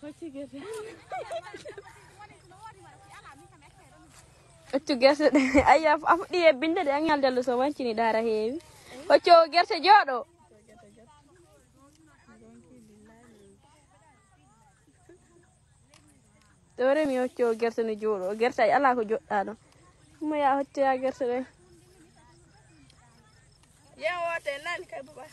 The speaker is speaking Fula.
Portuguesa. Portuguesa. Aya afuɗɗi yebbinde de an yalde luso wancini dara heewi. Hocco gerte eh, jooɗo. to remi hocco eh, gerte eh, no jooɗo gerte ay ala ko joɗɗa ɗon mo ya hoccoya gerte ɗen yen woto en nani kay baba